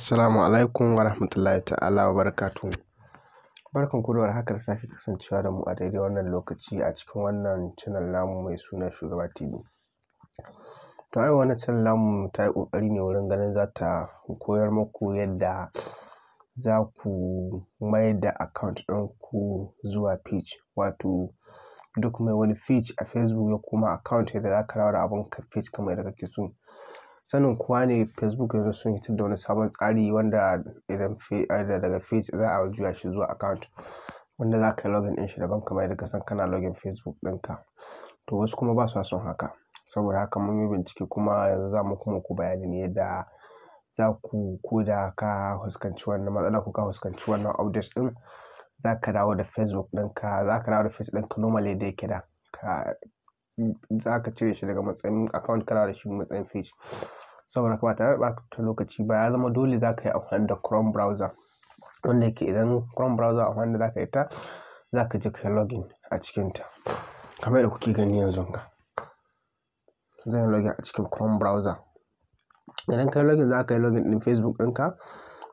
Assalamu alaikum wa rahmatullahi ta'ala wa barakatu Barkan ku da warhaka da sake kasancewa da mu a daidai wannan lokaci a cikin wannan channel namu mai suna Shugaba TV. To yau wannan channel namu ta yi ƙoƙari ne wurin ganin za ta koyar muku yadda za ku mai da account ɗin ku zuwa page wato duk mai wani page a Facebook ya koma account yadda za ka rawar abun ka page kamar yadda kake so. sanin kowa ne Facebook yanzu sun hitar da wani sabon tsari wanda idan daga page za a juya shi zuwa account wanda za ka yi login ɗin shi daban kamar yadda ka san kana login Facebook ɗinka. To wasu kuma ba su son haka. Saboda haka mun yi bincike kuma yanzu za mu kuma ku bayani ne yadda za ku ko da ka fuskanci wannan matsala ko ka fuskanci wannan update ɗin za ka dawo da Facebook ɗinka za ka dawo da Facebook ɗinka normal yadda yake da ka za ka cire shi daga matsayin account kana da shi matsayin page. saboda ba tare da ɓata lokaci ba ya zama dole za ka yi amfani da chrome browser wanda yake idan chrome browser amfani da za ka yi ta za ka je ka yi login a cikinta kamar da kuke gani yanzu ga zan yi login a cikin chrome browser idan ka yi login za ka yi login ɗin facebook ɗinka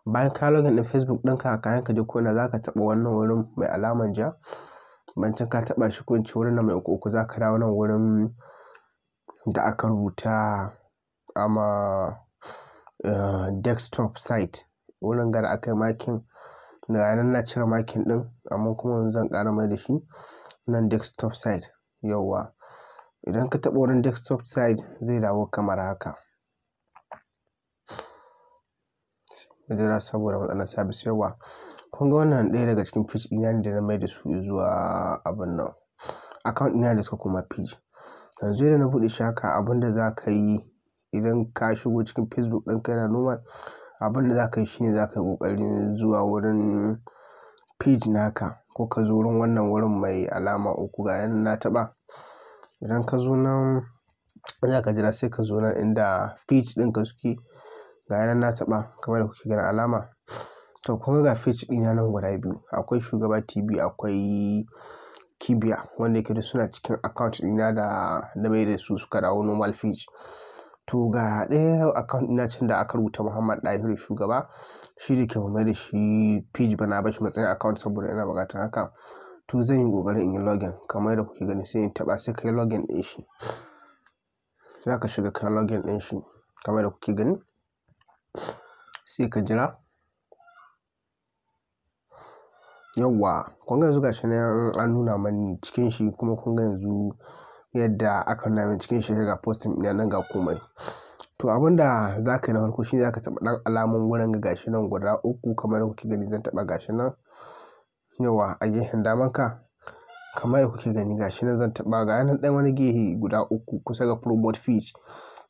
bayan ka login din facebook ɗinka kayan ka je kona za ka taɓa wannan wurin mai alaman ja bancin ka taɓa shi ko in ce wurin nan mai uku uku za ka dawo nan wurin da aka rubuta ama eh, desktop site Wurin gara aka yi makin ga nan na cire makin din amma kuma wani zan kara mai da shi nan desktop site yauwa. Idan ka taba wurin desktop site zai dawo kamar haka. Jira saboda matsalar sabis yauwa. Kun ga wannan ɗaya daga cikin fish ina ne da na mai da su zuwa abin nan account ɗina da suka kuma fish Yanzu yadda na buɗe shaka abinda za ka yi idan ka shigo cikin Facebook ɗin yana normal, abin da za ka yi shine za ka yi ƙoƙarin zuwa wurin page naka ko ka zo wurin wannan wurin mai alama uku ga yanan na taɓa. Idan ka zo nan za ka jira sai ka zo nan inda page ɗinka suke ga yanan na taɓa kamar da kuke ganin alama. To kun ga page ɗina nan guda biyu. Akwai Shugaba TV akwai Kibiya wanda yake duk suna cikin account ɗina da na mai da su suka dawo normal page. to ga ɗaya account ina can da aka rubuta Muhammad Ɗahiru shugaba shi ne ke mai da shi page ba na bashi matsayin account saboda ina bukatar haka to zan yi ƙoƙarin in yi login kamar yadda kuke gani sai in taɓa sai kai login ɗin shi za ka shiga kai login ɗin shi kamar yadda kuke gani sai ka jira yawwa kun ga yanzu gashi an nuna mani cikin shi kuma kun ga yanzu yadda aka nuna min cikin shi ga postin ɗina nan ga komai. To abin da za ka yi na farko shine za ka taɓa ɗan alamun wurin ga gashi nan guda uku kamar kuke gani zan taɓa gashi nan yawa a gefen daman ka. Kamar yadda kuke gani gashi nan zan taɓa ga nan ɗan wani gehe guda uku kusa ga promote page.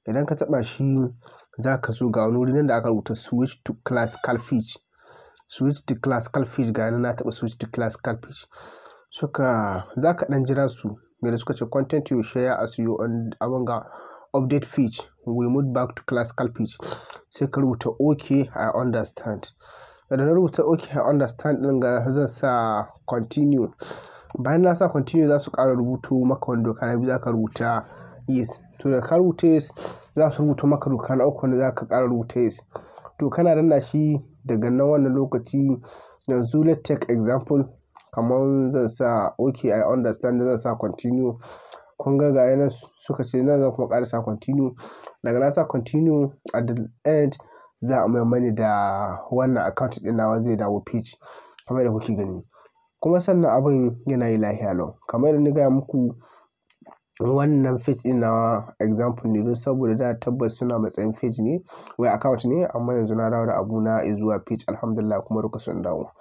Idan ka taɓa shi za ka zo ga wani wuri nan da aka rubuta switch to classical page. Switch to classical page ga nan na taɓa switch to classical page. Suka za ka ɗan jira su da suka ce content you share as you on among update page we move back to classical page sai ka rubuta ok i understand da na rubuta ok i understand din ga zan sa continue bayan na sa continue za su ƙara rubuto maka wani doka na biyu za ka rubuta yes to da ka rubuta yes za su rubuto maka doka na uku wanda za ka ƙara rubuta yes to kana danna shi daga nan wannan lokaci yanzu let take example kamar zan sa okay I understand zan sa continue kun ga ga suka ce nan zan kuma ƙara sa continue daga na sa continue at the end za a mani da wannan account ɗin nawa zai dawo page kamar da kuke gani kuma sannan abin yana yi lahiya lau kamar da na gaya muku wannan page din nawa example ne don saboda da tabbas suna matsayin page ne wai account ne amma yanzu na dawo da na zuwa page alhamdulillah kuma duka sun dawo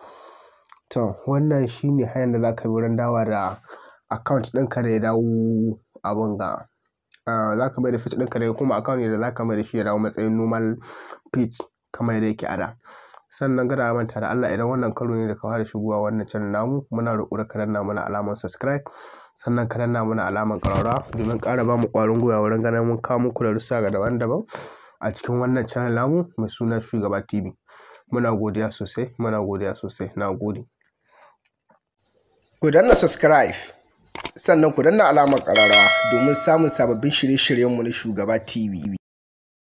To wannan ne hanyar da za ka bi wurin dawo da account ɗinka da ya dawo abun ga. za ka mai da page ɗinka da kuma account ne da za ka mai da shi ya dawo matsayin normal page kamar yadda yake a da. Sannan kada a manta da Allah idan wannan karo ne da ka fara shigowa wannan channel namu muna roƙo da ka danna mana alamar subscribe. Sannan ka danna mana alamar domin ƙara bamu ƙwarin gwiwa wurin ganin mun kawo muku darussa daban-daban a cikin wannan channel namu mai suna Shugaba TV. Muna godiya sosai, muna godiya sosai. Na gode. ku danna subscribe sannan ku danna alamar ƙararrawa domin samun sababbin shirye-shiryenmu na shugaba tv